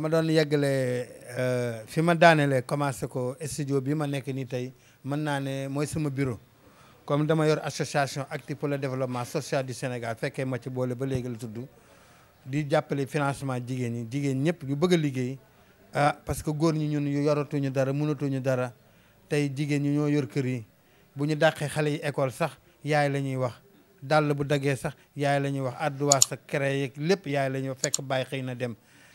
ma doon yeggalee euh, fi ma daanelee commencé ko studio bi ma nekk nii tey mën naa ne mooy sama bureau comme dama yor association active pour le développement social du Sénégal fekkee ma ci boole ba léegi la tuddu di jàppale financement jigéen ñi jigéen ñëpp yu bëgg a liggéey ah parce que góor ñi ñun yu yoratuñu dara mënatuñu dara tey jigéen ñi ñoo yor kër yi bu ñu dàqee xale yi école sax yaay la ñuy wax dàll bu daggee sax yaay la ñuy wax adduwaa sa crée lépp yaay la ñuy fekk bàyyi xëy na dem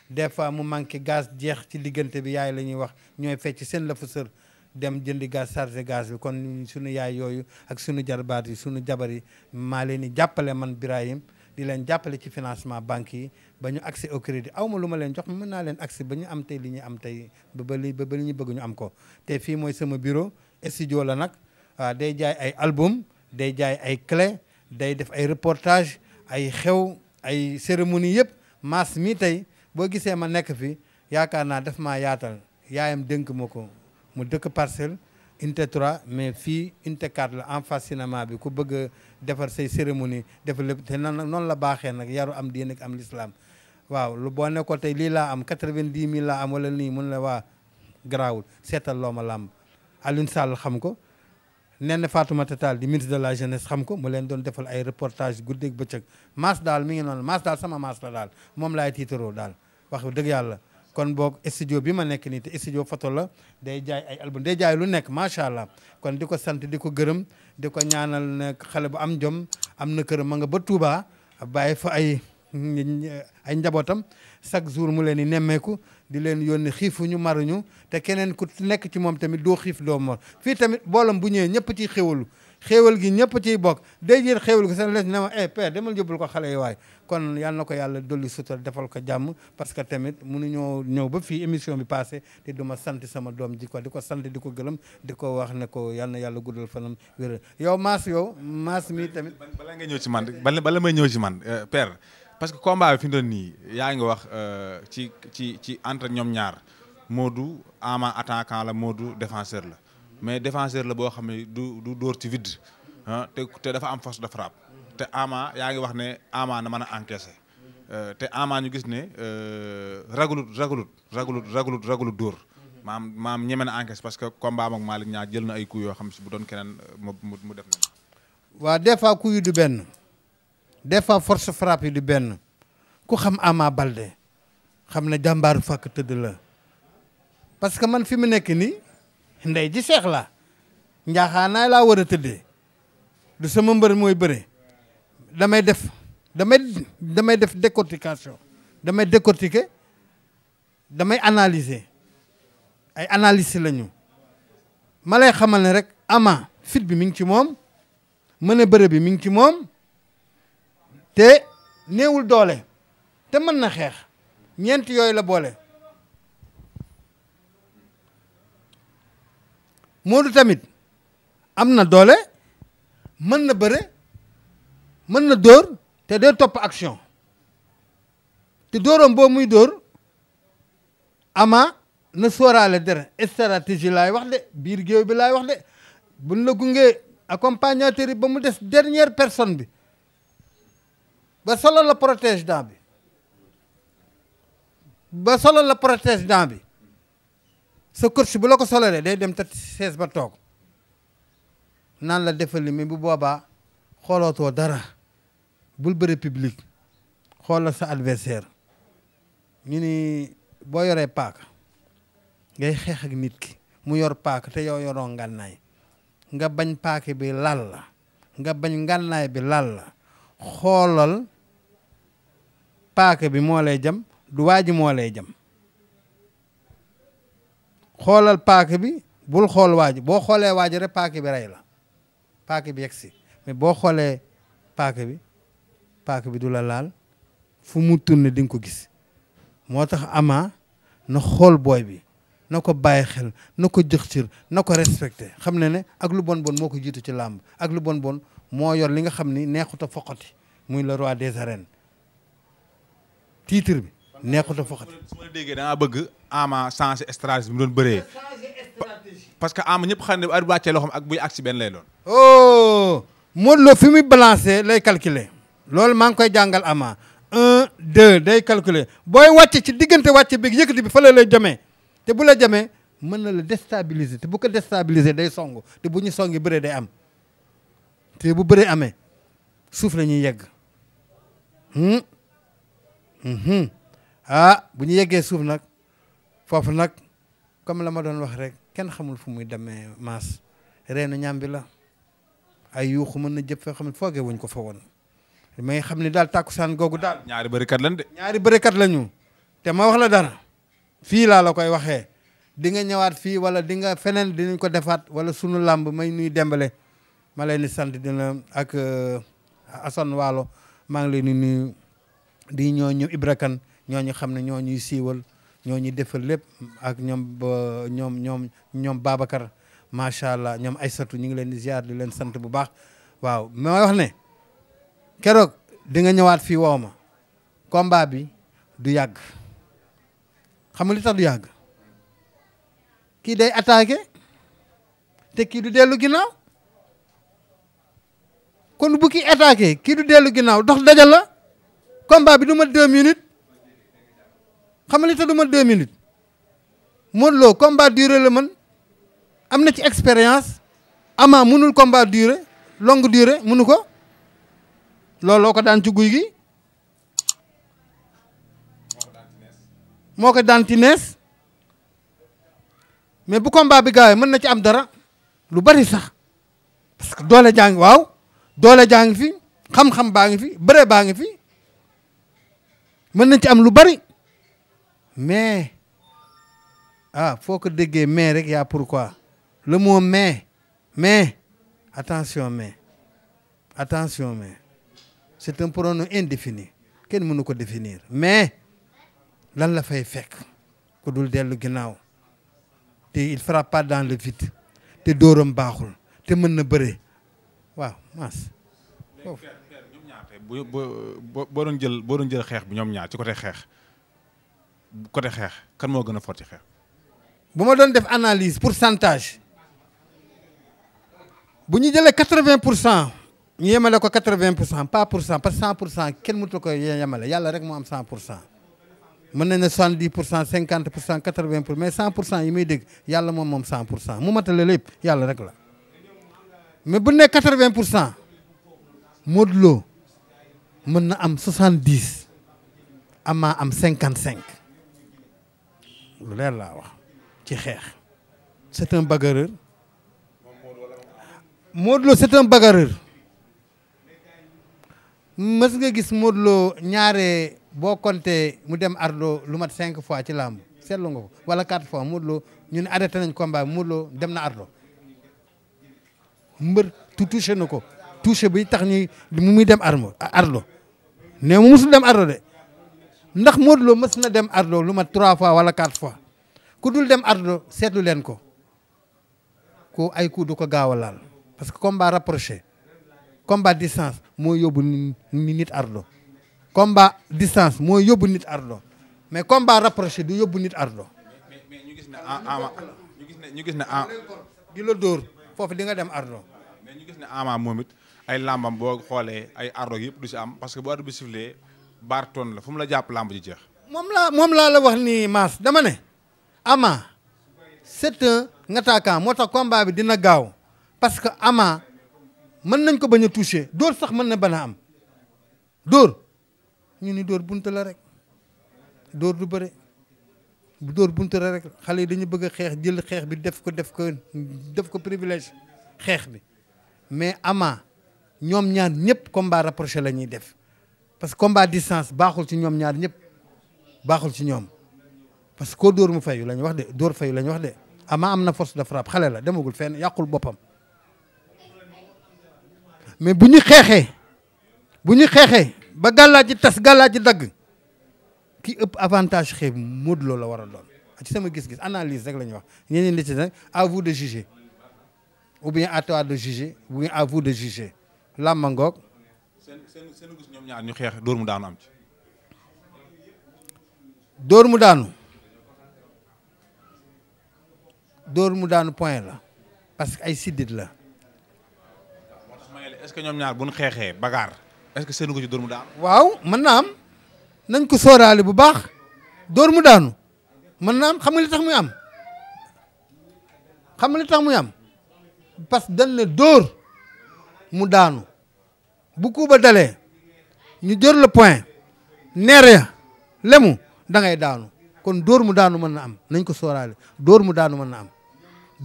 des fois mu manqué gaz jeex ci liggante bi yaay la ñuy wax ñooy fecc seen la sër dem jëndi gaz chargé gaz bi kon suñu yaay yooyu ak suñu jarbaat yi suñu jabar yi maa leen di jàppale man Birahim di leen jàppale ci financement banque yi ba ñu accès au crédit aw ma lu ma leen jox mën naa leen accès ba ñu am tey li ñu am tey ba ba li ba li ñu bëgg ñu am ko te fii mooy sama bureau studio la nag waaw ah, day jaay ay album day jaay ay clé day def ay reportage ay xew ay cérémonie yëpp maas mi tey boo gisee ma nekk fi yaakaar naa def ma yaatal yaayam dénk ma ko mu dëkk parcelle unité mais fii unité la en face cinéma bi ku bëgg a defar say cérémonie def lépp te noonu la baaxee nag yaru am diine ak am lislaam waaw lu boo nekkoon tey lii laa am 90 mille laa am wala nii mun la waa garaawul seetal loo ma làmb Alioune Sall xam ko nenn Fatoumata Tall di ministre de la jeunesse xam ko mu leen doon defal ay reportage guddeeg bëccëg maas daal mi ngi noonu maas sama maas la daal moom laay tiitaroo daal wax dëgg yàlla kon boog studio bi ma nekk nii te studio photo la day jaay ay album day jaay lu nekk macha allah kon di ko sant di ko gërëm di ko ñaanal ne xale bu am jom am na kër ma nga ba Touba bàyyi fa ay ay njabootam chaque jour mu leen di nemmeeku di leen yónni xiifuñu maruñu te keneen ku nekk ci moom tamit doo xiif doo mor fii tamit boolam bu ñëwee ñëpp ci xéwalu xéewal gi ñëpp ciy bokk day jël xéewal gi seen les ne ma eh père demal jëbbal ko xale yi waay kon yal na ko yàlla dolli sutura defal ko jàmm parce que tamit mënuñoo ñëw ba fii émission bi passé te du ma sant sama doom ji ko di ko sant di ko gërëm di ko wax ne ko yal na yàlla guddal fanam wér yow maas yow maas mi tamit bala nga ñëw si man bala may ñëw si man euh, père parce que combat bi fi mu nii yaa ngi wax euh, ci ci ci entre ñoom ñaar Modou ama attaquant la Modou défenseur la mais défenseur la boo xam ne du du dóor ci vide ah te te dafa am force de frappe te Ama yaa ngi wax ne Ama na mën a encaisser euh, te Ama ñu gis ne euh, ragalut ragalut ragalut ragalut ragalut dóor maam maam ñeme na encaisser parce que combat ak Malick ñaar jël na ay coups yoo xam si bu doon keneen euh, mu mu def na waaw des fois coups yi du benn des fois force frappe yi du benn ku xam Ama balde xam ne jàmbaaru fàkk tëdd la parce que man fi mu nekk nii ndey ji seex la njaaxaanaay laa war a tëddee du sama mbër mooy bëre damay def damay damay def décortication damay décortiquer damay analyser ay analise la ñu ma lay xamal ne rek ama fit bi mi ngi ci moom mën a bëre bi mi ngi ci moom te néewul doole te mën na xeex ñeenti yooyu la boole Modou tamit am na doole mën na bëre mën na dóor te day topp action te dóoram boo muy dóor ama na sóoraale dara stratégie laay wax de biir géew bi laay wax de buñ la gungee accompagnateur yi ba mu des dernière personne bi ba solo la protège bi ba solo la protège dent bi sa kër si bu la ko sololee day dem ta sees ba toog naan la defal li bu boobaa xoolootoo dara bul bëre public xoolal sa adversaire ñu ni boo yoree paaka ngay xeex ak nit ki mu yor paaka te yow yoroo ngànnaay nga bañ paaka bi lal la nga bañ ngànnaay bi lal la xoolal paaka bi moo lay jam du waa ji moo lay jam xoolal paaka bi bul xool waaji boo xoolee waaji rek paaka bi rey la paaka bi yegsi mais boo xoolee paaka bi paaka bi du la laal fu mu tourné di nga ko gis moo tax ama na xool booy bi na ko bàyyi xel na ko jëx cër na ko respecté xam ne ne ak lu bon bon moo ko jiitu ci làmb ak lu bon bon moo yor li nga xam ni neexuta a foqati muy le roi des ren tiitir bi neexut a foxati. su ma bëgg Ama changé stratégie mu doon bëree. parce que Ama ñëpp xan ne bu wàccee loxoom ak buy àgg si benn lay doon. oh Modou Lo fi muy balancé lay calculer loolu maa ngi koy jàngal Ama un deux day calculer booy wàccee ci diggante wàcce bi yëkkati bi fa la lay jamee te bu la jamee mën na la déstabiliser te bu ko déstabiliser day song te bu ñu songi bëree day am te bu bëree amee suuf la ñuy yegg. Hmm? Hmm, hmm. ah bu ñu yeggee suuf nag foofu nag comme la ma doon wax rek kenn xamul fu muy demee maas reenu ñàmbi la ay yuuxu mën na jëpp foo xam ne foogee wuñ ko fa woon mais xam ne daal tàkkusaan googu daal. ñaari bërikat lañ de. ñaari bërikat lañu te ma wax la dara fii laa la koy waxee dinga nga ñëwaat fii wala dinga nga feneen dinañ ko defaat wala sunu làmb may nuy dembale ma leen di sant dina ak euh, Assane Waalo maa ngi leen di nuyu di ñoo ñëw Ibra Kane ñoo ñooñu xam ne ñoo ñuy siiwal ñoo ñuy defal lépp ak ñoom ba ñoom ñoom ñoom Babacar macha allah ñoom Aysatu ñu ngi leen di ziar leen sant bu baax waaw ma wax ne keroog di nga ñëwaat fii woo ma combat bi du yàgg xam nga li tax du yàgg kii day attaqué te kii du dellu ginnaaw kon bu kii attaqué kii du dellu ginnaaw dox dajal la combat bi du ma deux minutes xam nga li tax du ma deux minutes Modou Lo combat durée la man am na ci expérience Ama mënul combat durée longue durée mënu ko looloo ko daan ci guy gi moo ko daan ci nees mais bu combat bi gaawee mën na ci am dara lu bari sax parce que doole jaa waaw doole jaa fi xam-xam baa ngi fi bëre baa ngi fi mën nañ ci am lu bari mais ah foo ko déggee mais rek yaa pourquoi le mot mais mais attention mais attention mais c'est un pronom indéfini kenn mënu ko définir mais lan la fay fekk ku dul dellu ginnaaw te il frappe dans le vide te dóoram baaxul te mën na bëre waaw maas foofu. boo boo boo doon jël boo doon jël xeex bi ñoom ñaar ci côté xeex. côté xeex kan moo gën a fort ci xeex. bu ma doon def analyse pourcentage bu ñu jëlee quatre vingt pour cent ñu yemale ko quatre vingt pour cent pas pour cent parce que cent pour cent kenn mënut ko yemale yàlla rek moo am cent pour cent. mën nañ ne soixante pour cent cinquante pour cent quatre vingt pour mais cent pour cent yi may dégg yàlla moom moom cent pour cent mu matale lépp yàlla rek la mais bu ne quatre vingt pour cent Modou Lo na am soixante dix Ama am cinquante cinq. lu leer laa wax ci xeex c'est un bagarreur Modou Lo mës nga gis Modou Lo ñaare boo compté mu dem ardo lu mat cinq fois ci làmb seetlu nga ko wala quatre fois Modou Lo ñu ne arrêté nañ combat Modou dem na ardo mbër tu touché na ko touché bi tax ñuy mu muy dem armo ardo ne mu musul dem ardo de ndax Modou Lo mës na dem ardo lu mat trois fois wala quatre fois ku dul dem ardo seetlu leen ko ko ay coup du ko gaaw a laal parce que combat rapproché combat distance moo yóbbu ni nit distance moo yóbbu nit ardo mais comme combat rapproché du yóbbu nit ardo mais gis ne ah, ah, Ama ñu gis ne ñu gis ah. la dóor foofu di nga dem ardo mais ñu gis ne Ama moom it ay làmbam boo xoolee ay ardo yëpp du si am parce que bu ardo bi siflee Barton la fu mu la jàpp làmb ji jeex. moom laa moom laa la wax nii mas dama ne Ama c'est un attaquant moo tax combat bi dina gaaw parce que Ama mën nañ ko bañ a toucher dóor sax mën na bana am dóor ñu ni dóor bunt la rek dóor du bëre bu dóor bunt la rek xale yi dañu bëgg a xeex jël xeex bi def ko def ko def ko privilège xeex bi mais Ama ñoom ñaar ñëpp combat rapproché la ñuy def parce que combat distance baaxul ci ñoom ñaar ñëpp baaxul ci ñoom parce que koo dóor mu fayu la ñu wax de dóor fayu la ñu wax de amaa am na force de frappe xale la demagul feen yàqul boppam mais bu ñu xeexee bu ñu xeexee ba gàllaa ji tas gàllaa ji dagg ki ëpp avantage xe Modou Lo la war doon ci sama gis-gis analyse rek la ñuy wax ñeneen li ci nag à vous de juger ou bien à toi de juger ou bien à vous de juger làmmangoog seen seen gis ñoom ñaar ñu xeex dóor mu daanu am ci. dóor mu daanu dóor mu daanu point la parce que ay siddit la. moo tax ce que ñoom ñaar bu ñu xeexee bagaar est-ce que seen ko ci dóor mu daanu. waaw mën naa am nañ ko sóoraale bu baax dóor mu daanu mën naa am xam nga li tax muy am xam nga li tax muy am parce que dañ ne dóor mu daanu. bu kuuba dalee ñu jël le point neer lemu da daanu kon dóor mu daanu mën na am nañ ko sooraale dóor mu daanu mën na am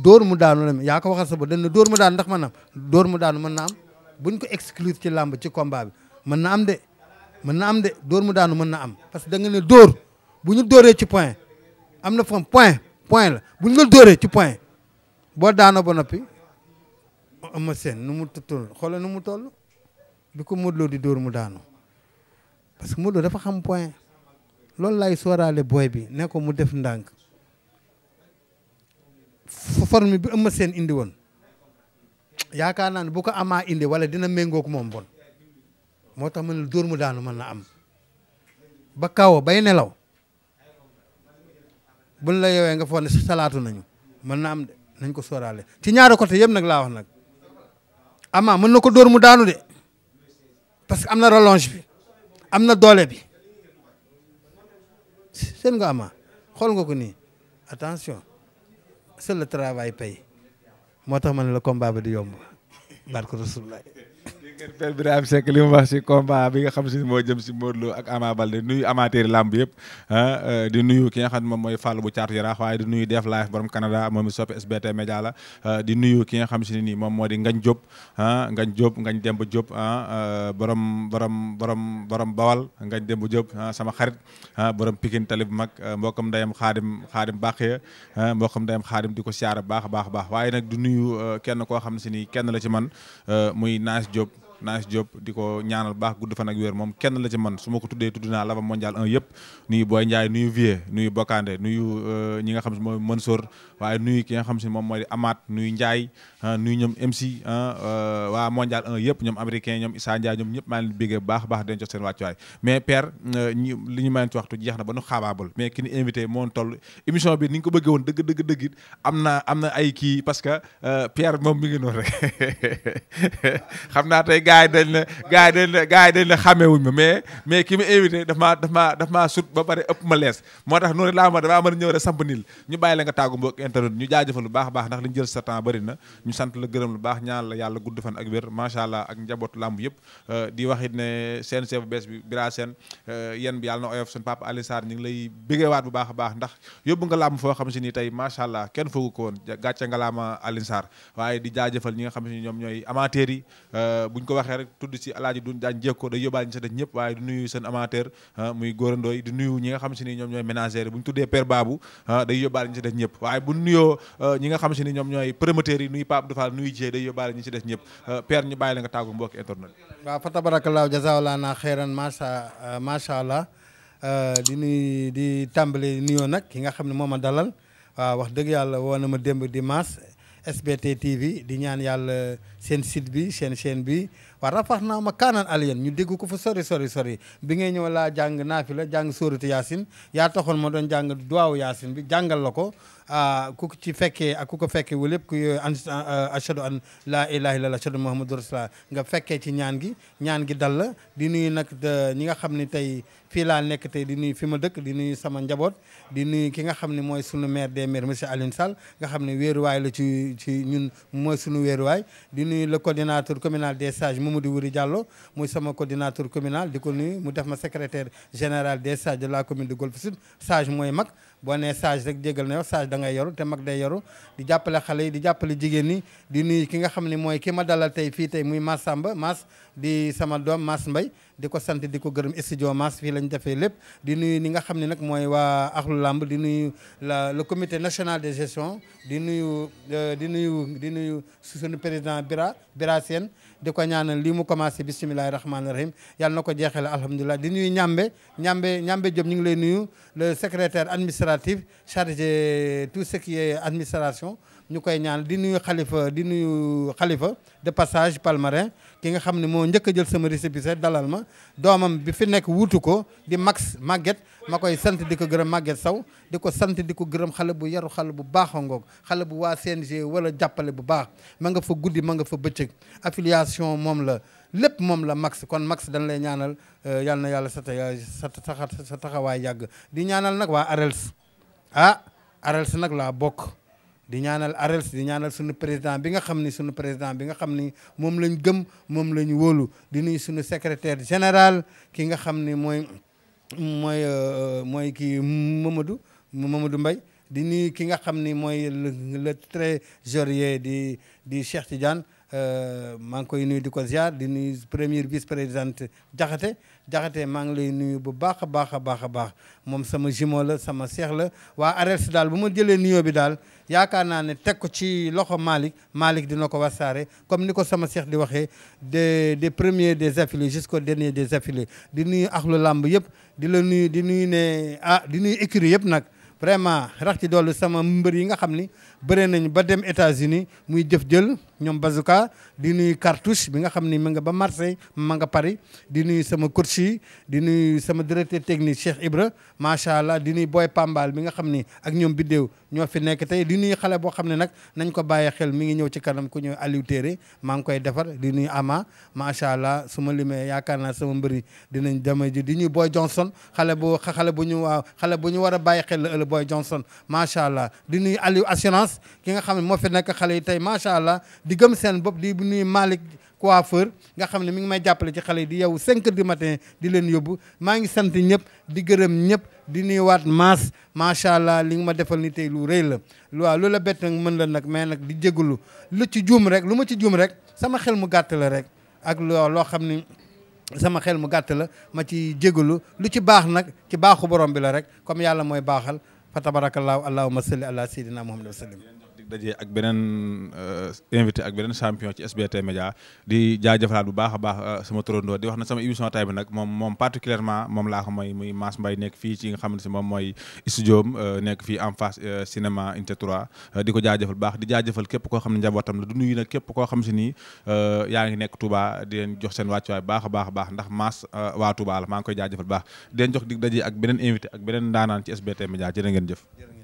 dóor mu daanu lemu yaa ko waxal sa ba dañ ne dóor mu daanu ndax mën na dóor mu daanu mën na buñ ko exclure ci làmb ci combat bi mën na de mën na am de dóor mu daanu mën na am parce que da nga ne dóor bu ñu dóoree ci point am na fam poin poin la bu ñu la dóoree ci poin boo daanoo ba noppi ama seen nu mu tuttul xoolal nu mu toll bi ko Modou Lo di dóor mu daanu parce que Modou dafa xam point loolu laay sóoraale booy bi ne ko mu def ndànk forme bi Eumeu Sène indi woon yaakaar naa ne bu ko amaa indi wala dina méngoog moom bon moo tax ma ne mu daanu mën na am ba kaw bay nelaw buñ la yowee nga foog salaatu nañu mën na am de nañ ko sóoraale ci ñaari côté yëpp nag laa wax nag amaa mën na ko dóor mu daanu de parce que am na rallonge bi am na doole bi seen nga ama xool nga ko nii attention seen le travail paye moo tax ma na la combat bi di yomb barke Rasulullah ngeen Père Birahim Seck li mu wax si combat bi nga xam si moo jëm si Modou Lo ak Ama Baldé nuyu amateur làmb yëpp ah, euh, di nuyu ki nga xam ne moom mooy Fall bu caatu yaraax waaye di nuyu Def Live borom Canada moom mi soppi SBT Média la euh, di nuyu ki nga xam si ne nii moom moo di Ngañ Diop ah, Ngañ Diop Ngañ Demba Diop ah, euh, borom borom borom borom Bawal Ngañ Demba Diop sama xarit borom Pikine tali bu mag mbokkam ndeyam xaadim xaadim baaxee mbokkam ndeyam xaadim di ko siyaara baax a baax a baax waaye nag di nuyu kenn koo xam si ni kenn la ci man muy Naas Diop Naas Diop di ko ñaanal baax gudd fan ak wér moom kenn la ci man su ma ko tuddee tudd naa lava mondial 1 yëpp nuyu Boy Ndiaye nuyu Vieux nuyu Bokande nuyu euh, ñi ki nga xam si moom mooy Amath nuyu Ndiaye ah, nuyu ñoom MC ah, euh, waa mondial 1 yëpp ñoom américain ñoom Issa Ndiaye ñoom ñëpp maa leen bégee baax baax dañ jox seen wàccuwaay mais père euh, ñu li ñu ma leen ci waxtu jeex na ba nu xaabaabal mais ki ñu invité moo toll émission bi ni ñu ko bëggee woon dëgg dëgg dëgg it am na am ay kii parce que Pierre moom mi ngi noonu rek xam naa tey gars yi dañ ne gars yi dañ ne gars yi ma mais mais ki ma invité daf daf maa sut ba pare ëpp ma lees moo tax noonu a ñëw rek samp niil ñu bàyyi la a baax ndax li ñu sa temps bëri na ñu sant la gërëm lu baax la yàlla gudd fan ak euh, bi bira seen euh, yéen bi yàlla na oyof seen papa ñu ngi baax a baax ndax yóbbu nga làmb foo xam si ni tey macha allah kenn foogu ko woon gàcce nga laama Alioune Sarr waaye di jaajëfal ñi nga xam si ni ñoom ñooy amateurs euh, buñ ko waxee rek tudd ci alaaji duñ daan jékkoo day yóbbaale ñu sa def ñëpp waaye di nuyu seen amateur ah, muy góorandooy di nuyu ñi nga xam si ni ñoom ñooy ménagère bu ñu tuddee père Babou ah, day yóbbaale ñu si def ñëpp waaye bu nuyoo ah, ñi nga la nga tàggu mbokki internet waaw fa tabarakallah jazaawlaana xeeran macha macha allah di nuyu di tàmbale nuyoo nag ki nga xam ne moo ma dalal waaw wax dëgg yàlla woo a ma di maas SBT TV di ñaan yàlla seen site bi seen chaîne bi waa rafax naa ma kaanan aliyan ñu dégg ko fa sori sori sori bi ngay ñëw laa jàng naafi la jàng sóoratu yaasin yaa taxoon ma doon jàng duwaawu yaasin bi jàngal la ko ah, ku ko ci fekkee ak ku ko fekkee wu lépp ku yooyu eh, an eh, ashadu an laa ilaha illallah ashadu muhammadu rasulullah nga fekkee ci ñaan gi ñaan gi dal la di nuyu nag ñi nga xam ni tey fii laa nekk tey di nuy fi ma dëkk di nuyu sama njaboot di nuyu ki nga xam ni mooy sunu maire des maires monsieur Alioune Sall nga xam ne wéeruwaay la ci ci ñun mooy sunu wéeruwaay nuyu le coordinateur communal des sages di Wuri Diallo mu sama coordinateur communal di ko nuyu mu def ma secretaire général des sages de la commune de Golf Sud sage mooy mag boo nee sage rek jégal na yow sage da ngay te mag day yoru di jàppale xale yi di jàppale jigéen ñi di nuyu ki nga xam ni mooy ki ma dalal tey fii tey muy Mass Samba Mass di sama doom Mass mbay di ko sant di ko gërëm studio Mass fii lañu defee lépp di nuyu ni nga xam ni nag mooy waa axlu làmb di nuyu la le comité national de gestion di nuyu euh, di nuyu di nuyu suñu président Bira Bira Sène di ko ñaanal lii mu commencé bisimilahi rahmaani rahim yàlla na ko jeexale alhamdulilah di nuyu ñambe ñambe ñambe Diop ñu ngi lay nuyu administrative chargé tout ce qui est administration ñu koy ñaan di nuy xalifa di nuyu xalifa de passage Palmarin ki nga xam ne moo njëkk jël sama récépissé dalal ma doomam bi fi nekk wuutu ko di Max Maguette ma koy sant di ko gërëm Maguette saw di ko sant di ko gërëm xale bu yaru xale bu baax a ngoog xale bu waa CNG wala jàppale bu baax ma nga fa guddi ma nga fa bëccëg affiliation moom la lépp moom la max kon max dañ lay ñaanal euh, yal na yàlla sa sa taxawaay yàgg di ñaanal nag waa ARELS ah ARELS nag laa bokk di ñaanal ARELS di ñaanal suñu président bi nga xam ni suñu président bi nga xam ni moom lañ gëm moom lañ wóolu di nuyu suñu secrétaire général ki nga xam ni mooy mooy euh, mooy kii Mamadou Mamadou Mbaye di nuyu ki nga xam ni mooy le trésorier di di Cheikh Tidiane Euh, maa ngi koy nuyu di ko ziar di nuyu première vice présidente Jaxate Jaxate maa ngi lay nuyu bu baax a baax a baax a baax moom sama jumeau la sama seex la waa AREELS daal bu ma jëlee nuyoo bi daal yaakaar naa ne teg ko ci loxo Malick Malick dina ko wasaare comme ni ko sama seex di waxee des des premiers des affiliés jusqu'au dernier des affiliés di nuyu axlu làmb yëpp di la nuyu di nuyu ne ah di nuyu écurie yëpp nag. vraiment rax ci dollu sama mbër yi nga xam ni bëre nañu ba dem États-Unis muy jëf jël ñoom Bazouka di nuyu Cartouche bi nga xam ni ma nga ba Marseille ma nga Paris di nuyu sama coach yi di nuyu sama directeur technique Cheikh Ibra macha allah di nuyu Boy Pambal bi nga xam ni ak ñoom Biddéew ñoo fi nekk tey di nuyu xale boo xam ne nag nañ ko bàyyi xel mi ngi ñëw ci kanam ku ñëw Aliou maa ngi koy defar di nuyu Ama macha allah su ma yaakaar naa sama mbëri dinañ dama ji di nuyu Boy Johnson xale bu xale bu ñu waaw xale bu ñu war a bàyyi xel la ëllëg Boy Johnson macha allah di nuyu Aliou assurance ki nga xam ne moo fi nekk xale yi tey macha allah di gëm seen bopp di nuyu Malick coiffeur nga xam ne mi ngi may jàppale ci xale yi di yow 5 di du matin di leen yóbbu maa ngi sant ñëpp di gërëm ñëpp di nuyuwaat maas macha allah li nga ma defal ni tey lu rëy la. waaw lu la bett nag mën la nag mais nag di jégalu lu ci juum rek lu ma ci juum rek sama xel mu gàtt la rek ak loo loo xam ni. sama xel mu gàtt la ma ci jégalu lu ci baax nag ci baaxu borom bi la rek comme yàlla mooy baaxal fa tabarakallahu allahumma salli ala sayyidina muhammad wa sallim dajee ak beneen euh, invité ak beneen champion ci SBT Média di jaajëfalaat bu baax a baax euh, sama turandoo di wax na sama émission tay bi nag moom moom particulièrement moom laa ko mooy muy Mass Mbaye nekk fii ci nga xam ne si moom mooy studio euh, nekk fii en face cinéma Unité di ko jaajëfal baax di jaajëfal képp koo xam ne njabootam la du nuyu nag képp koo xam si nii yaa ngi nekk Touba di leen jox seen wàccuwaay baax a baax a baax ndax Mass waa Touba la maa ngi koy jaajëfal baax di leen jox dig dajee ak beneen invité ak beneen ndaanaan ci SBT Média jërë ngeen